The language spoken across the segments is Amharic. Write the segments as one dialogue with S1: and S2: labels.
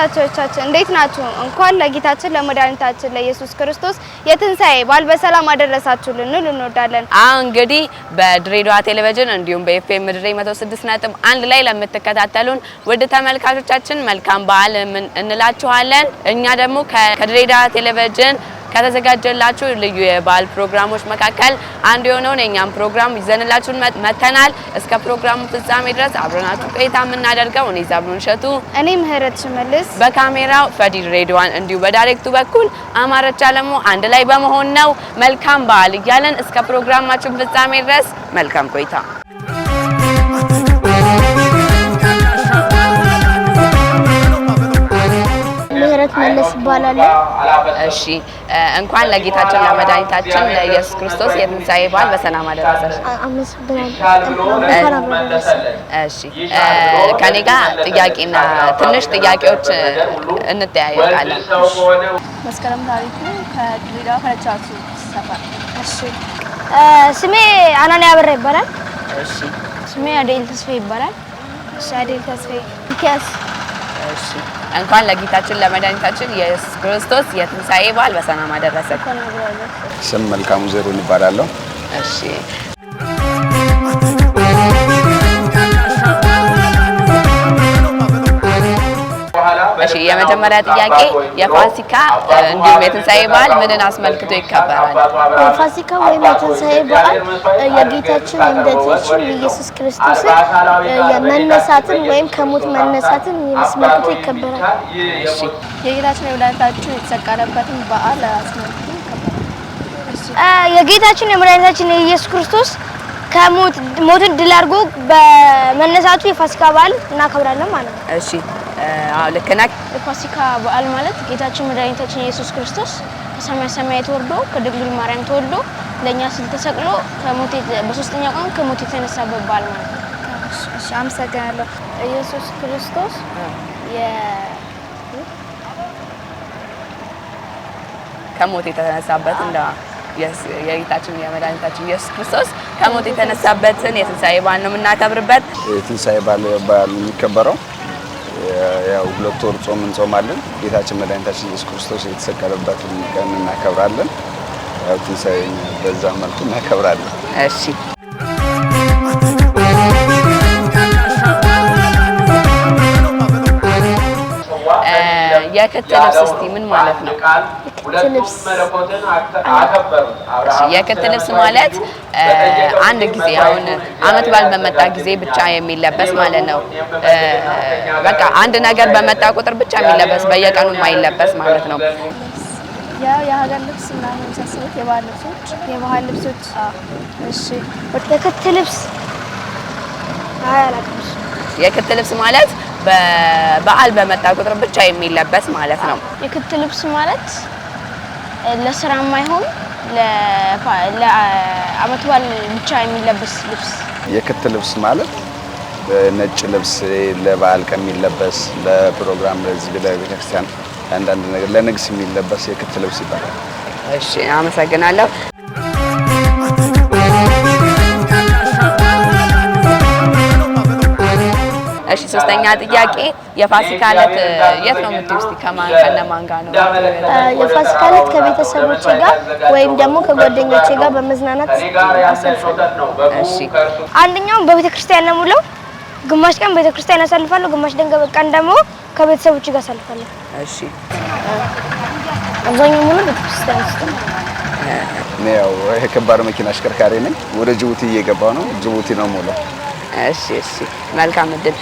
S1: ተመልካቾቻችን እንዴት ናችሁ? እንኳን ለጌታችን ለመድኃኒታችን ለኢየሱስ ክርስቶስ የትንሣኤ በዓል በሰላም አደረሳችሁ ልንል እንወዳለን።
S2: አሁን እንግዲህ በድሬዳዋ ቴሌቪዥን እንዲሁም በኤፍኤም ድሬ 106.1 ላይ ለምትከታተሉን ውድ ተመልካቾቻችን መልካም በዓል እንላችኋለን። እኛ ደግሞ ከድሬዳዋ ቴሌቪዥን ከተዘጋጀላችሁ ልዩ የበዓል ፕሮግራሞች መካከል አንዱ የሆነውን የእኛም ፕሮግራም ይዘንላችሁን መተናል። እስከ ፕሮግራሙ ፍጻሜ ድረስ አብረናችሁ ቆይታ የምናደርገው እኔ ዛብሎን ሸቱ፣
S1: እኔ ምህረት ሽመልስ፣
S2: በካሜራው ፈዲር ሬድዋን እንዲሁ በዳይሬክቱ በኩል አማረች አለሙ አንድ ላይ በመሆን ነው። መልካም በዓል እያለን እስከ ፕሮግራማችን ፍጻሜ ድረስ መልካም ቆይታ
S1: መለስ ይባላል።
S2: እሺ እንኳን ለጌታችን ለመድኃኒታችን ለኢየሱስ ክርስቶስ የትንሣኤ በዓል በሰላም አደረሰሽ። እሺ ከኔ ጋር ጥያቄና ትንሽ ጥያቄዎች እንጠያየቃለን።
S1: መስከረም ታሪኩ ከድሬዳዋ ከረቻቱ ሰፈር። እሺ ስሜ አናንያ አበራ ይባላል። እሺ ስሜ አዴል ተስፋ ይባላል። እሺ አዴል ተስፋ ሚኪያስ
S2: እንኳን ለጌታችን ለመድኃኒታችን ኢየሱስ ክርስቶስ የትንሣኤ በዓል በሰላም አደረሰን።
S3: ስም መልካሙ ዜሩን ይባላለሁ።
S2: እሺ እሺ የመጀመሪያ ጥያቄ የፋሲካ እንዲሁም የትንሣኤ በዓል ምንን አስመልክቶ ይከበራል?
S1: ፋሲካ ወይም የትንሣኤ በዓል የጌታችን የመድኃኒታችን የኢየሱስ ክርስቶስን የመነሳትን ወይም ከሞት መነሳትን አስመልክቶ ይከበራል። እሺ የጌታችን የመድኃኒታችን የተሰቀለበትን በዓል አስመልክቶ ይከበራል። የጌታችን የመድኃኒታችን የኢየሱስ ክርስቶስ ከሞት ሞትን ድል አድርጎ በመነሳቱ የፋሲካ በዓል እናከብራለን ማለት
S2: ነው። እሺ አዎ ልክ ነህ።
S1: የፋሲካ በዓል ማለት ጌታችን መድኃኒታችን ኢየሱስ ክርስቶስ ከሰማይ ሰማያት ወርዶ ከድንግል ማርያም ተወልዶ ለእኛ ስል ተሰቅሎ በሶስተኛው ቀን ከሞት የተነሳበት በዓል ማለት ነው። አመሰግናለሁ። ኢየሱስ ክርስቶስ
S2: ከሞት የተነሳበት እንደ የጌታችን የመድኃኒታችን ኢየሱስ ክርስቶስ ከሞት የተነሳበትን የትንሣኤ በዓል ነው የምናከብርበት።
S3: የትንሣኤ በዓል የሚከበረው ያው ሁለት ወር ጾም እንጾማለን። ጌታችን መድኃኒታችን ኢየሱስ ክርስቶስ የተሰቀለበትን ቀን እናከብራለን። ያው ትንሣኤን በዛ መልኩ እናከብራለን።
S2: እሺ ያከተ ልብስ እስቲ ምን ማለት ነው? ያከተ ልብስ ማለት አንድ ጊዜ አሁን አመት በዓል በመጣ ጊዜ ብቻ የሚለበስ ማለት ነው። በቃ አንድ ነገር በመጣ ቁጥር ብቻ የሚለበስ በየቀኑ የማይለበስ ማለት ነው።
S1: ያው የሀገር ልብስ ምናምን የመሳሰሉት የባህል ልብሶች የባህል ልብሶች። እሺ የክት ልብስ አይ
S2: የክት ልብስ ማለት በበዓል በመጣ ቁጥር ብቻ የሚለበስ ማለት ነው።
S1: የክት ልብስ ማለት ለስራ ማይሆን ለአመት በዓል ብቻ የሚለበስ ልብስ።
S3: የክት ልብስ ማለት ነጭ ልብስ ለበዓል ቀን የሚለበስ ለፕሮግራም፣ ለዚህ ለቤተክርስቲያን አንዳንድ ነገር ለንግስ የሚለበስ የክት ልብስ ይባላል።
S2: እሺ፣ አመሰግናለሁ። ሶስተኛ ጥያቄ የፋሲካ ዕለት የት ነው የምትውይ? እስኪ ከማን ከነማን ጋር ነው?
S1: የፋሲካ ዕለት ከቤተሰቦቼ ጋር ወይም ደግሞ ከጓደኞቼ ጋር በመዝናናት እሺ። አንደኛውም በቤተክርስቲያን ነው የምውለው። ግማሽ ቀን ቤተክርስቲያን አሳልፋለሁ፣ ግማሽ ደንገ በቃን ደግሞ ከቤተሰቦቼ ጋር አሳልፋለሁ። እሺ። አብዛኛው ሙሉ ቤተክርስቲያን ውስጥ ነው።
S3: የከባድ መኪና አሽከርካሪ ነኝ። ወደ ጅቡቲ እየገባ ነው። ጅቡቲ ነው ሙሉ።
S2: እሺ፣ እሺ። መልካም እድል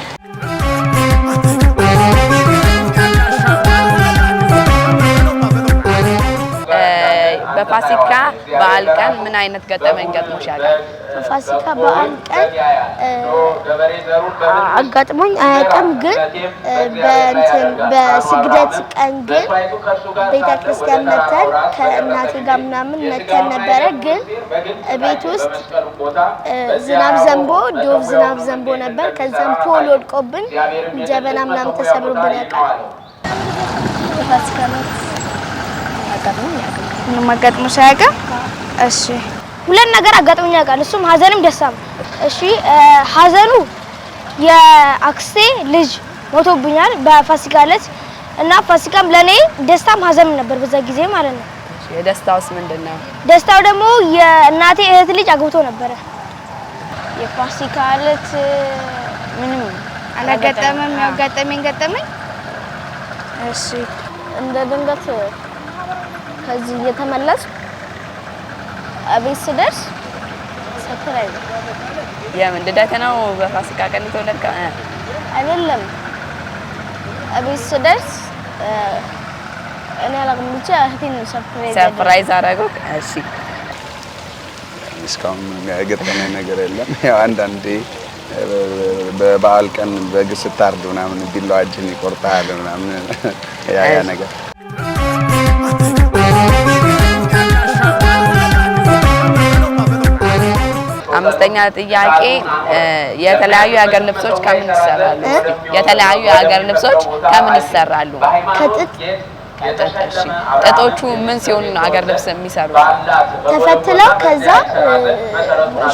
S2: በፋሲካ በዓል ቀን ምን አይነት ገጠመኝ ገጥሞሽ
S1: በፋሲካ በዓል ቀን አጋጥሞኝ አያውቅም፣ ግን በእንትን በስግደት ቀን ግን ቤተክርስቲያን መተን ከእናቴ ጋር ምናምን መተን ነበረ። ግን ቤት ውስጥ ዝናብ ዘንቦ ዶፍ ዝናብ ዘንቦ ነበር። ከዛም ፖል ወድቆብን ጀበና ምናምን ተሰብሮብን ያውቃል።
S2: አጋጥሞ ያውቃል? ምንም አጋጥሞ ሳያውቅም። እሺ
S1: ሁለት ነገር አጋጥሞኝ ያውቃል። እሱም ሀዘንም ደስታም። እሺ ሀዘኑ የአክስቴ ልጅ ሞቶብኛል በፋሲካ ዕለት እና ፋሲካም ለኔ ደስታም ሀዘንም ነበር በዛ ጊዜ ማለት ነው።
S2: የደስታውስ ምንድን ነው?
S1: ደስታው ደግሞ የእናቴ እህት ልጅ አግብቶ ነበረ። የፋሲካ ዕለት ምንም አላጋጠመም። ያው ገጠመኝ እሺ እንደ ድንገት ከዚህ እየተመለስኩ አቤት ስደርስ ሰርፕራይዝ
S2: የምን ልደት ነው? በፋሲካ ቀን የተወለድከ
S1: አይደለም። አቤት ስደርስ እኔ አላውቅም፣ ብቻ እህቴን
S2: ሰርፕራይዝ አደረገው። እሺ
S3: እስካሁን የገጠመኝ ነገር የለም። ያው አንዳንዴ በበዓል ቀን በግ ስታርድ ምናምን ቢላዋ እጅን ይቆርጣል ምናምን ያ ነገር
S2: አምስተኛ ጥያቄ የተለያዩ የሀገር ልብሶች ከምን ይሰራሉ? የተለያዩ የሀገር ልብሶች ከምን ይሰራሉ? ከጥጥ ጥጦቹ ምን ሲሆኑ ነው ሀገር ልብስ የሚሰሩ?
S1: ተፈትለው ከዛ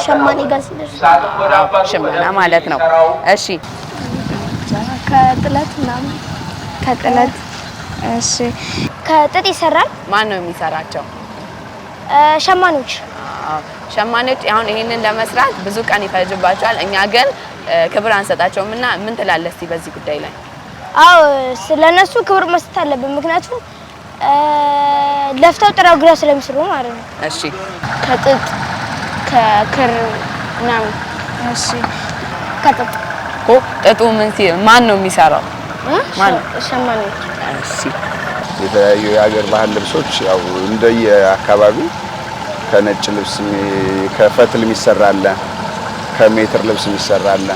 S1: ሸማኔ ጋር ሲደርስ
S2: ሽመና ማለት ነው። እሺ
S1: ከጥለት ምናምን ከጥለት እሺ ከጥጥ ይሰራል።
S2: ማን ነው የሚሰራቸው? ሸማኖች ሸማኔዎች አሁን ይሄንን ለመስራት ብዙ ቀን ይፈጅባቸዋል። እኛ ግን ክብር አንሰጣቸውም እና ምን ትላለህ እስቲ በዚህ ጉዳይ ላይ?
S1: አዎ ስለነሱ ክብር መስጠት አለብን፣ ምክንያቱም ለፍተው ጥረው ግረው ስለሚስሩ ማለት ነው። እሺ ከጥጥ ከክር ምናምን። እሺ ከጥጥ
S2: እኮ ጥጡ ምን ሲ ማን ነው የሚሰራው? ማን ነው? ሸማኔዎች። እሺ
S3: የተለያዩ የሀገር ባህል ልብሶች ያው እንደየ አካባቢው ከነጭ ልብስ ከፈትል የሚሰራለ ከሜትር ልብስ የሚሰራለ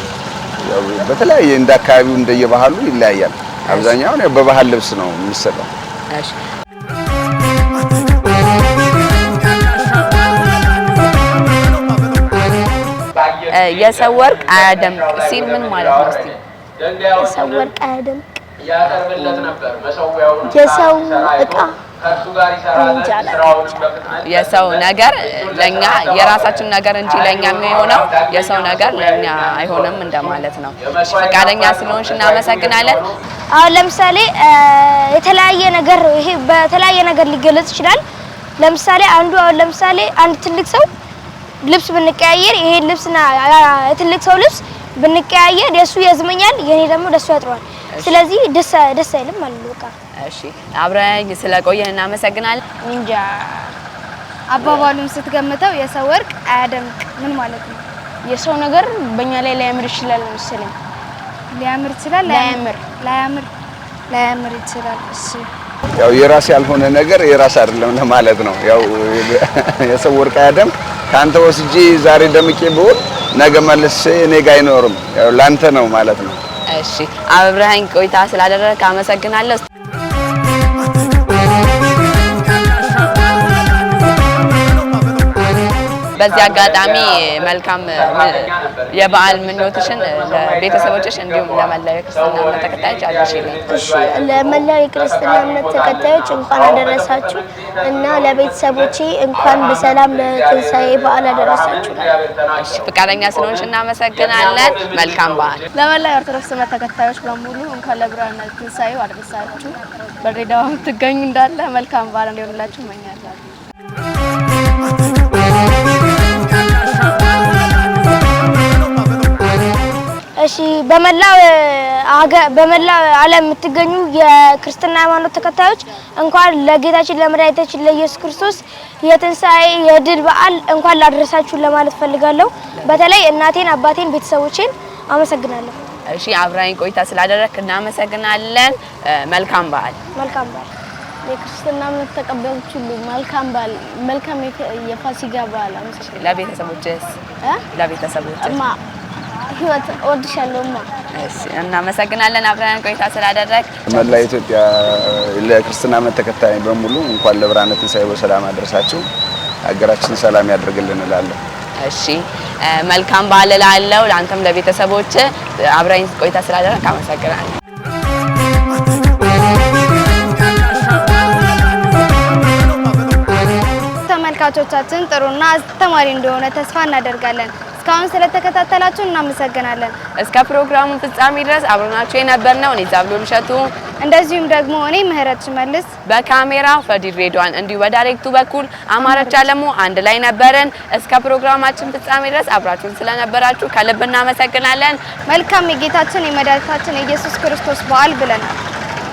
S3: በተለያየ እንደ አካባቢው እንደየባህሉ ይለያያል። አብዛኛውን በባህል ልብስ ነው የሚሰራው።
S2: የሰው ወርቅ አያደምቅ ሲል ምን ማለት ነው? እስቲ
S1: የሰው ወርቅ አያደምቅ፣ የሰው እቃ
S2: የሰው ነገር ለኛ የራሳችን ነገር እንጂ ለኛ የሚሆነው የሰው ነገር ለኛ አይሆንም እንደማለት ነው። ፈቃደኛ ስለሆንሽ እናመሰግናለን።
S1: አሁን ለምሳሌ የተለያየ ነገር ይሄ በተለያየ ነገር ሊገለጽ ይችላል። ለምሳሌ አንዱ አሁን ለምሳሌ አንድ ትልቅ ሰው ልብስ ብንቀያየር ይሄ ልብስና የትልቅ ሰው ልብስ ብንቀያየር የሱ ያዝመኛል፣ የኔ ደግሞ ለሱ ያጥሯል። ስለዚህ ደስ አይልም ማለት በቃ
S2: እሺ፣ አብረኝ ስለቆየን እናመሰግናለን።
S1: እንጃ አባባሉም ስትገምተው የሰው ወርቅ አያደምቅ ምን ማለት ነው? የሰው ነገር በእኛ ላይ ላያምር ይችላል መሰለኝ። ሊያምር ይችላል፣ ላያምር ላያምር ላያምር ይችላል። እሺ፣
S3: ያው የራስ ያልሆነ ነገር የራስ አይደለም ለማለት ነው። ያው የሰው ወርቅ አያደምቅ። ከአንተ ወስጄ ዛሬ ደምቄ ብሆን ነገ መልሴ እኔ ጋር አይኖርም። ያው ላንተ ነው ማለት ነው።
S2: እሺ አብረሃኝ ቆይታ ስላደረግ አመሰግናለሁ። በዚህ አጋጣሚ መልካም የበዓል ምኞትሽን ለቤተሰቦችሽ እንዲሁም ለመላው የክርስትና እምነት ተከታዮች አድርሽልኝ።
S1: እሺ፣ ለመላው የክርስትና እምነት ተከታዮች እንኳን አደረሳችሁ እና ለቤተሰቦቼ እንኳን በሰላም ለትንሳኤ በዓል አደረሳችሁ።
S2: እሺ፣ ፍቃደኛ ስለሆንሽ እናመሰግናለን። መልካም በዓል።
S1: ለመላው የኦርቶዶክስ እምነት ተከታዮች በሙሉ እንኳን ለብርሃነ ትንሳኤው አደረሳችሁ። በድሬዳዋ የምትገኙ እንዳለ መልካም በዓል እንዲሆንላችሁ እመኛለሁ። እሺ በመላው በመላው ዓለም የምትገኙ የክርስትና ሃይማኖት ተከታዮች እንኳን ለጌታችን ለመድኃኒታችን ለኢየሱስ ክርስቶስ የትንሣኤ የድል በዓል እንኳን ላደረሳችሁ ለማለት ፈልጋለሁ። በተለይ እናቴን፣ አባቴን፣ ቤተሰቦቼን አመሰግናለሁ።
S2: እሺ አብራኝ ቆይታ ስላደረክ እናመሰግናለን። መልካም በዓል።
S1: መልካም በዓል የክርስትና እምነት ተቀባዮች ሁሉ መልካም በዓል፣ መልካም የፋሲካ በዓል። አመሰግናለሁ።
S2: ለቤተሰቦችስ ለቤተሰቦችስ
S1: ህይወት እወድሻለሁ እማ።
S2: እሺ እናመሰግናለን፣ አብረን ቆይታ ስላደረግ።
S3: መላ ኢትዮጵያ ለክርስትና እምነት ተከታይ በሙሉ እንኳን ለብርሃነ ትንሣኤ በሰላም አደረሳችሁ። ሀገራችን ሰላም ያደርግልን እላለሁ።
S2: እሺ መልካም በዓል እላለሁ። ለአንተም ለቤተሰቦች አብረኝ ቆይታ ስላደረግ አመሰግናለሁ።
S1: ተመልካቾቻችን ጥሩና አስተማሪ እንደሆነ ተስፋ እናደርጋለን። እስካሁን ስለተከታተላችሁ እናመሰግናለን።
S2: እስከ ፕሮግራሙ ፍጻሜ ድረስ አብረናችሁ ነው እኔ ዛብሎን ሸቱ
S1: እንደዚሁም ደግሞ እኔ ምህረት ሽመልስ፣
S2: በካሜራ ፈዲ ሬድዋን፣ እንዲሁ በዳይሬክቱ በኩል አማረች አለሙ አንድ ላይ ነበርን። እስከ ፕሮግራማችን ፍጻሜ ድረስ አብራችሁን ስለነበራችሁ ከልብ እናመሰግናለን።
S1: መልካም የጌታችን የመድኃኒታችን የኢየሱስ ክርስቶስ በዓል ብለናል።